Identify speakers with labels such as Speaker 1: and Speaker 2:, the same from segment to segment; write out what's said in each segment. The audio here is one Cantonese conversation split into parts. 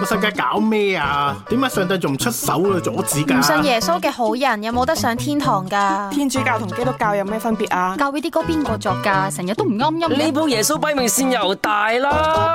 Speaker 1: 個世界搞咩啊？點解上帝仲唔出手去阻止噶？唔信耶穌
Speaker 2: 嘅好人有冇得上天堂噶？天主教同基督教有咩分別啊？教會啲歌邊個作噶？成日都唔啱音。呢部耶穌擺明先又大啦。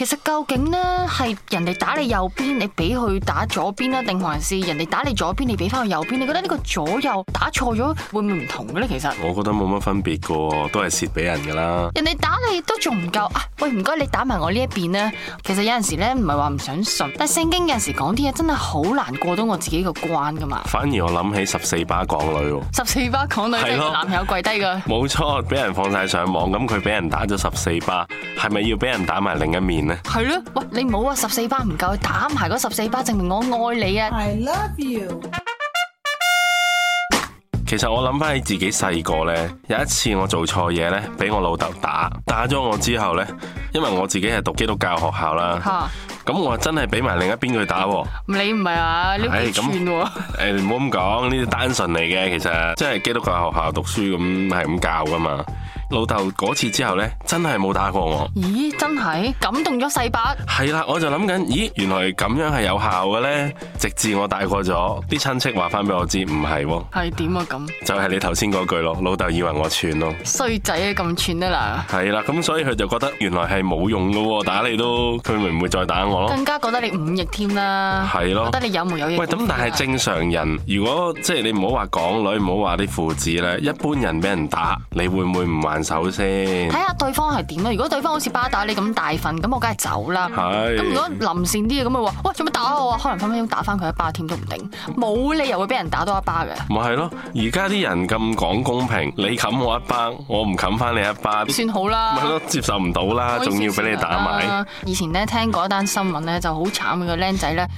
Speaker 2: 其實究竟呢係人哋打你右邊，你俾佢打左邊啦，定還是人哋打你左邊，你俾翻佢右邊？你覺得呢個左右打錯咗會唔會唔同嘅咧？其實
Speaker 1: 我覺得冇乜分別噶，都係蝕俾人噶啦。
Speaker 2: 人哋打你都仲唔夠啊？喂，唔該你打埋我呢一邊啦。其實有陣時咧唔係話唔想信，但係聖經有陣時講啲嘢真係好難過到我自己個關噶嘛。
Speaker 1: 反而我諗起十四巴港女，
Speaker 2: 十四巴港女即係男友跪低噶吧。
Speaker 1: 冇錯，俾人放晒上網，咁佢俾人打咗十四巴，係咪要俾人打埋另一面呢？
Speaker 2: 係咯，喂，你唔好話十四巴唔夠，打埋嗰十四巴證明我愛你啊！I love you。
Speaker 1: 其實我諗翻起自己細個咧，有一次我做錯嘢咧，俾我老豆打，打咗我之後咧，因為我自己係讀基督教學校啦，咁、啊、我真係俾埋另一邊佢打喎。
Speaker 2: 你唔係啊？呢唔算喎。誒，唔
Speaker 1: 好咁講，呢啲單純嚟嘅，其實即係基督教學校讀書咁係咁教噶嘛。老豆嗰次之後呢，真係冇打過我。
Speaker 2: 咦，真係感動咗世伯。
Speaker 1: 係啦，我就諗緊，咦，原來咁樣係有效嘅呢。直至我大過咗，啲親戚話翻俾我知，唔係喎。
Speaker 2: 係點啊？咁
Speaker 1: 就係你頭先嗰句咯。老豆以為我串咯。
Speaker 2: 衰仔咁串得啦。
Speaker 1: 係啦，咁所以佢就覺得原來係冇用噶喎，打你都，佢咪唔會再打我咯。更
Speaker 2: 加覺得你忤逆添啦。係咯了。覺得你有冇有逆。喂，咁但係
Speaker 1: 正常人，啊、如果即係你唔好話港女，唔好話啲父子咧，一般人俾人打，你會唔會唔還？首先，睇下
Speaker 2: 對方係點啦。如果對方好似巴打你咁大份，咁我梗係走啦。係是。咁如果腍善啲嘅，咁咪話，喂，做咩打我啊？可能分分鐘打翻佢一巴添都唔定，冇理由會俾人打多一巴嘅。
Speaker 1: 咪係咯，而家啲人咁講公平，你冚我一巴，我唔冚翻你一巴，算好啦。咪係咯，接受唔到啦，仲要俾你打埋、啊。
Speaker 2: 以前咧聽過一單新聞咧，就好慘嘅個僆仔咧。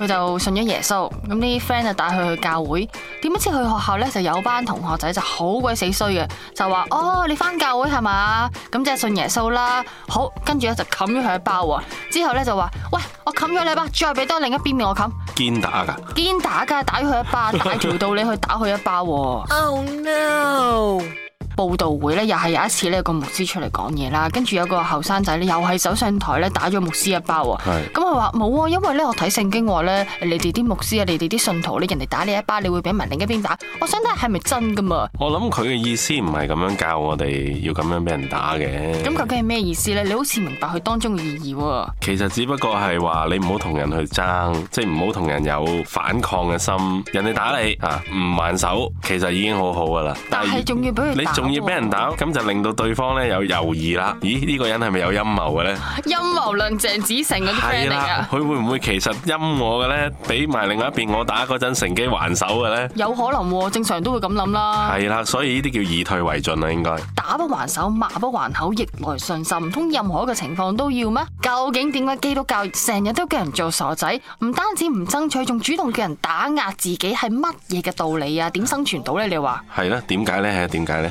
Speaker 2: 佢就信咗耶穌，咁啲 friend 就帶佢去教會。點知去學校咧，就有班同學仔就好鬼死衰嘅，就話：哦，你返教會係嘛？咁即係信耶穌啦。好，跟住咧就冚咗佢一包喎。之後咧就話：喂，我冚咗你一包，再俾多另一邊面我冚。堅打㗎！堅打㗎，打咗佢一包，大條道理你去打佢一包。 oh no！報道會咧，又係有一次呢個牧師出嚟講嘢啦，跟住有個後生仔呢，又係走上台咧，打咗牧師一巴喎。咁佢話冇啊，因為咧我睇聖經話咧，你哋啲牧師啊，你哋啲信徒咧，人哋打你一巴，你會俾埋另一邊打。我想睇係咪真噶嘛？
Speaker 1: 我諗佢嘅意思唔係咁樣教我哋要咁樣俾人打嘅。咁究
Speaker 2: 竟係咩意思咧？你好似明白佢當中嘅意義。
Speaker 1: 其實只不過係話你唔好同人去爭，即係唔好同人有反抗嘅心。人哋打你啊，唔還手，其實已經好好噶啦。但係
Speaker 2: 仲要俾佢，你
Speaker 1: 要俾人打，咁就令到對方咧有猶豫啦。咦？呢個人係咪有陰謀嘅咧？
Speaker 2: 陰謀論，鄭子誠嗰啲 friend 嚟噶。
Speaker 1: 佢會唔會其實陰我嘅咧？俾埋另外一邊我打嗰陣，乘機還手嘅咧？
Speaker 2: 有可能喎，正常都會咁諗啦。
Speaker 1: 係啦，所以呢啲叫以退為進啦，應該打
Speaker 2: 不還手，罵不還口，逆來順受，唔通任何嘅情況都要咩？究竟點解基督教成日都叫人做傻仔？唔單止唔爭取，仲主動叫人打壓自己，係乜嘢嘅道理啊？點生存到咧？你話
Speaker 1: 係啦，點解咧？係啊，點解咧？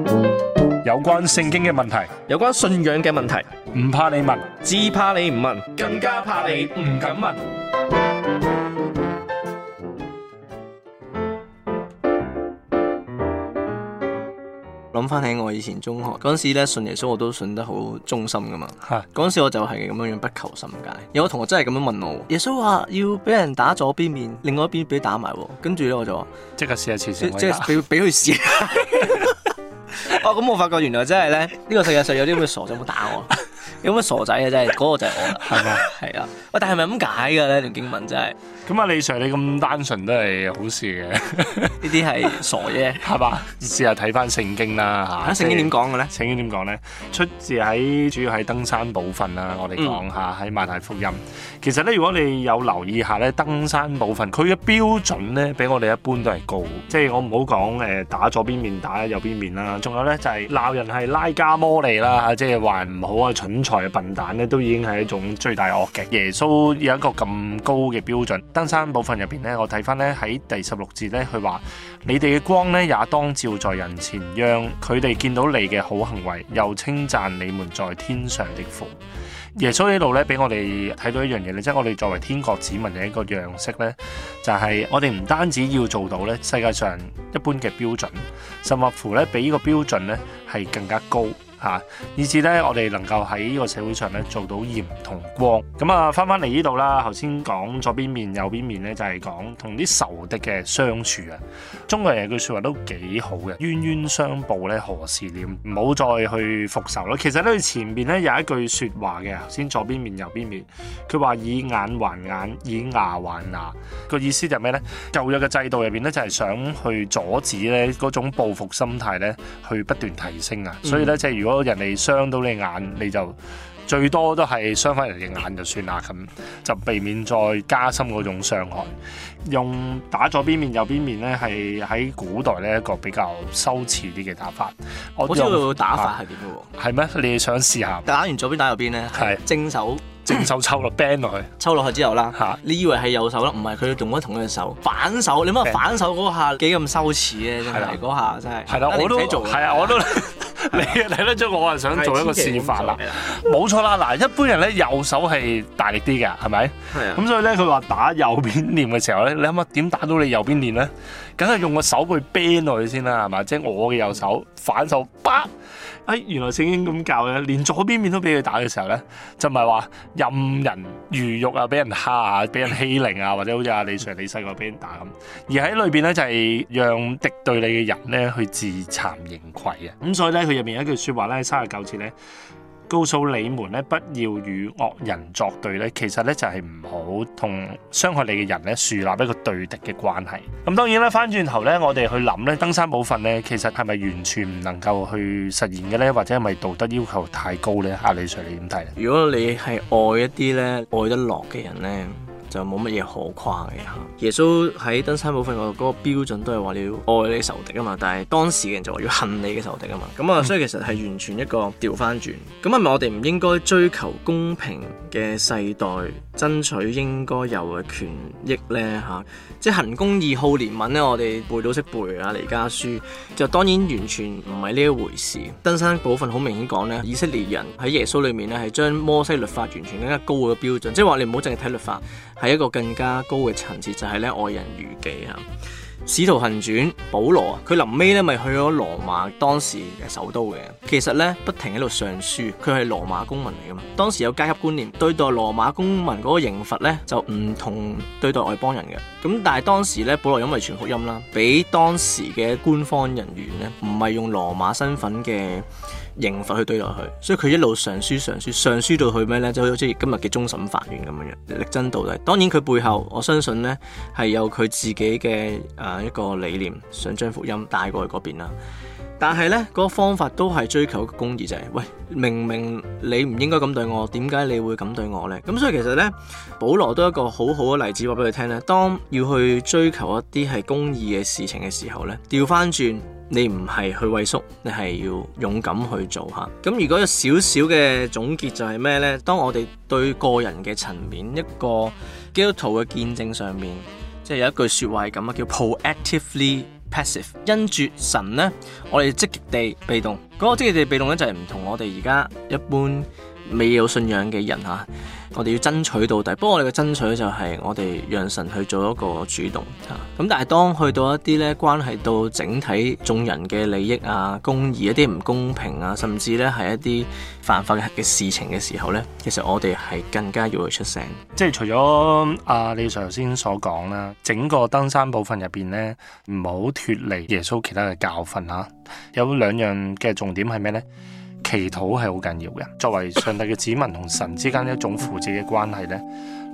Speaker 3: 有關聖經嘅問題，有關信仰嘅問題，唔怕你問，只怕你唔問，
Speaker 1: 更加怕你唔敢問。
Speaker 4: 諗翻起我以前中學嗰陣時咧，信耶穌我都信得好忠心噶嘛。嗰陣、啊、時我就係咁樣樣不求甚解。有個同學真係咁樣問我：耶穌話要俾人打左邊面，另外一邊俾打埋。跟住咧我就話：即刻試下次先，即係俾俾佢試。 哦，咁我發覺原來真係咧，呢 個世界上有啲咁嘅傻仔，冇打我。有乜傻仔嘅真係，嗰、那個就係我啦。係咪嗎？係啊！喂，但係咪咁解嘅咧？呢段經文真係。咁啊，李
Speaker 3: Sir 你咁單純都係好事嘅。呢啲係傻嘢。係嘛？試下睇翻聖經啦。聖經點講嘅咧？聖經點講咧？出自喺主要喺登山部分啦，我哋講下喺馬太福音。嗯、其實咧，如果你有留意下咧，登山部分佢嘅標準咧，比我哋一般都係高。即係我唔好講打左邊面打右邊面啦。仲有咧就係、是、鬧人係拉加摩利啦，即係話唔好啊，蠢，蠢。台笨蛋咧，都已經係一種最大惡極。耶穌有一個咁高嘅標準，登山寶訓入邊咧，我睇翻咧喺第十六節咧，佢話：「你哋嘅光咧，也當照在人前，讓佢哋見到你嘅好行為，又稱讚你們在天上的父。」耶穌呢度咧，俾我哋睇到一樣嘢咧，即係我哋作為天國子民嘅一個樣式咧，就係我哋唔單止要做到咧世界上一般嘅標準，甚或乎咧比呢個標準咧係更加高。以至咧，我哋能夠喺呢個社會上咧做到鹽同光。咁啊，翻翻嚟呢度啦。頭先講左邊面右邊面咧，就係講同啲仇敵嘅相處啊。中國人有句說話都幾好嘅，冤冤相報咧何時了？唔好再去復仇啦。其實咧，佢前面咧有一句說話嘅，頭先左邊面右邊面。佢話以眼還眼，以牙還牙。個意思就係咩呢？舊約嘅制度入面呢，就係想去阻止呢嗰種報復心態呢，去不斷提升啊。嗯、所以呢，即係如果如果人哋傷到你眼，你就最多都係傷翻人哋眼就算啦，咁就避免再加深嗰種傷害。用打左邊面、右邊面咧，係喺古代咧一個比較羞恥
Speaker 4: 啲嘅打法。我知道打法係點嘅喎。係咩？你想試下打完左邊打右邊咧？係正手，正手抽落 ban 落去，抽落去之後啦。嚇！你以為係右手啦？唔係，佢用咗同一隻手反手。你問反手嗰下幾咁羞恥咧？真係嗰下真係。係啦，我都係啊，我都。
Speaker 3: 你啊，睇得出我係想做一個示範啦，冇錯啦。嗱，一般人咧右手係大力啲嘅，係咪？係啊。咁所以咧，佢話打右邊臉嘅時候咧，你諗下點打到你右邊臉咧？梗係用個手去 ban 落去先啦，係嘛？即、就、係、是、我嘅右手反手，啪！哎，原來聖經咁教嘅，連左邊面都俾佢打嘅時候咧，就唔係話任人魚肉啊，俾人蝦啊，俾人欺凌啊，或者好似阿李 Sir 李細個俾人打咁。而喺裏邊咧，就係、是、讓敵對你嘅人咧去自慚形穢嘅。咁、嗯、所以咧，佢入面有一句説話咧，三十九次咧。告訴你們咧，不要與惡人作對咧，其實咧就係唔好同傷害你嘅人咧，樹立一個對敵嘅關係。咁當然啦，翻轉頭咧，我哋去諗咧，登山寶訓咧，其實係咪完全唔能夠去實現嘅咧，或者係咪道德要求太高咧？阿李 Sir，你點睇？
Speaker 4: 如果你係愛一啲咧，愛得落嘅人咧。就冇乜嘢可誇嘅吓。耶穌喺登山寶訓嗰個嗰個標準都係話你要愛你仇敵啊嘛，但係當時嘅人就話要恨你嘅仇敵啊嘛。咁啊， 所以其實係完全一個調翻轉咁，係咪我哋唔應該追求公平嘅世代，爭取應該有嘅權益呢？啊、即係行公義、好憐憫呢，我哋背到識背啊，彌迦書就當然完全唔係呢一回事。登山寶訓好明顯講呢，以色列人喺耶穌裏面呢，係將摩西律法完全更加高嘅標準，即係話你唔好淨係睇律法。係一個更加高嘅層次，就係、是、咧愛人如己啊。使徒行傳，保羅啊，佢臨尾咧咪去咗羅馬當時嘅首都嘅。其實咧不停喺度上書，佢係羅馬公民嚟噶嘛。當時有階級觀念，對待羅馬公民嗰個刑罰咧就唔同對待外邦人嘅。咁但係當時咧，保羅因為傳福音啦，俾當時嘅官方人員咧唔係用羅馬身份嘅。刑罰去對待佢，所以佢一路上訴上訴上訴到去咩呢？就好似今日嘅終審法院咁樣樣，力爭到底。當然佢背後，我相信呢係有佢自己嘅誒一個理念，想將福音帶過去嗰邊啦。但係呢個方法都係追求公義，就係：「喂，明明你唔應該咁對我，點解你會咁對我呢？」咁所以其實呢，保羅都一個好好嘅例子話俾佢聽呢，當要去追求一啲係公義嘅事情嘅時候呢，調翻轉，你唔係去畏縮，你係要勇敢去做下。咁如果有少少嘅總結就係咩呢？當我哋對個人嘅層面一個基督徒嘅見證上面，即係有一句說話係咁啊，叫 proactively。Passive 因住神呢，我哋積極地被動。嗰、那個積極地被動呢，就係、是、唔同我哋而家一般。未有信仰嘅人吓，我哋要爭取到底。不過我哋嘅爭取就係我哋讓神去做一個主動嚇。咁但係當去到一啲咧關係到整體眾人嘅利益啊、公義一啲唔公平啊，甚至咧係一啲犯法嘅事情嘅時候咧，其實我哋係更加要去出聲。
Speaker 3: 即係除咗啊，你頭先所講啦，整個登山部分入邊咧，唔好脱離耶穌其他嘅教訓嚇。有兩樣嘅重點係咩呢？祈禱係好緊要嘅，作為上帝嘅子民同神之間一種父子嘅關係呢。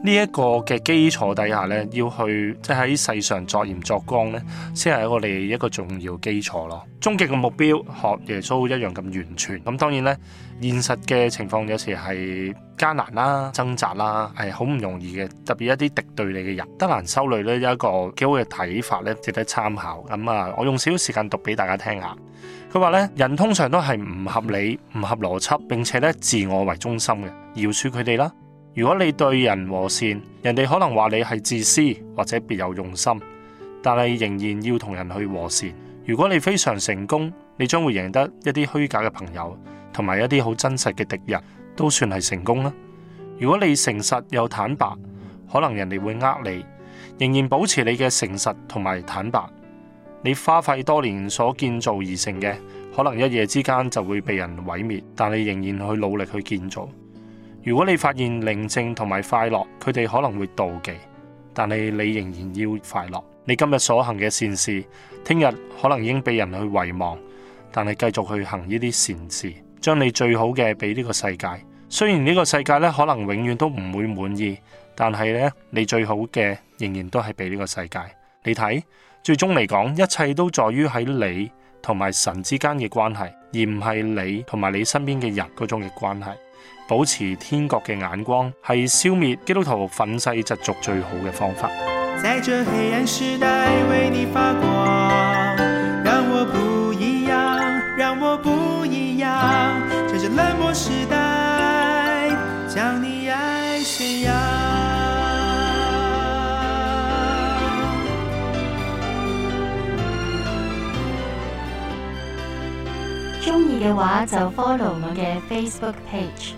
Speaker 3: 呢一個嘅基礎底下呢，要去即係喺世上作鹽作光呢，先係我哋一個重要基礎咯。終極嘅目標學耶穌一樣咁完全。咁當然呢，現實嘅情況有時係艱難啦、掙扎啦，係好唔容易嘅。特別一啲敵對你嘅人，德蘭修女呢有一個幾好嘅睇法呢，值得參考。咁啊，我用少少時間讀俾大家聽下。佢話呢，人通常都係唔合理、唔合邏輯，並且呢，自我為中心嘅，饒恕佢哋啦。如果你對人和善，人哋可能話你係自私或者別有用心，但係仍然要同人去和善。如果你非常成功，你將會贏得一啲虛假嘅朋友，同埋一啲好真實嘅敵人，都算係成功啦。如果你誠實又坦白，可能人哋會呃你，仍然保持你嘅誠實同埋坦白。你花費多年所建造而成嘅，可能一夜之間就會被人毀滅，但你仍然去努力去建造。如果你發現寧靜同埋快樂，佢哋可能會妒忌，但係你仍然要快樂。你今日所行嘅善事，聽日可能已經被人去遺忘，但係繼續去行呢啲善事，將你最好嘅俾呢個世界。雖然呢個世界咧可能永遠都唔會滿意，但係咧你最好嘅仍然都係俾呢個世界。你睇，最終嚟講，一切都在於喺你同埋神之間嘅關係，而唔係你同埋你身邊嘅人嗰種嘅關係。保持天國嘅眼光，係消滅基督徒憤世嫉俗最好嘅方法。
Speaker 4: 中意嘅話就 follow 我嘅 Facebook page。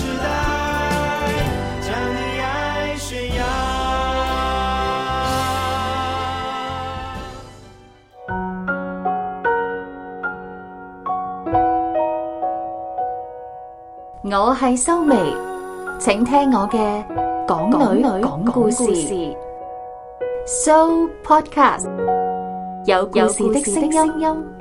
Speaker 2: 我係修眉，請聽我嘅港女講故事，So Podcast 有故事的聲音。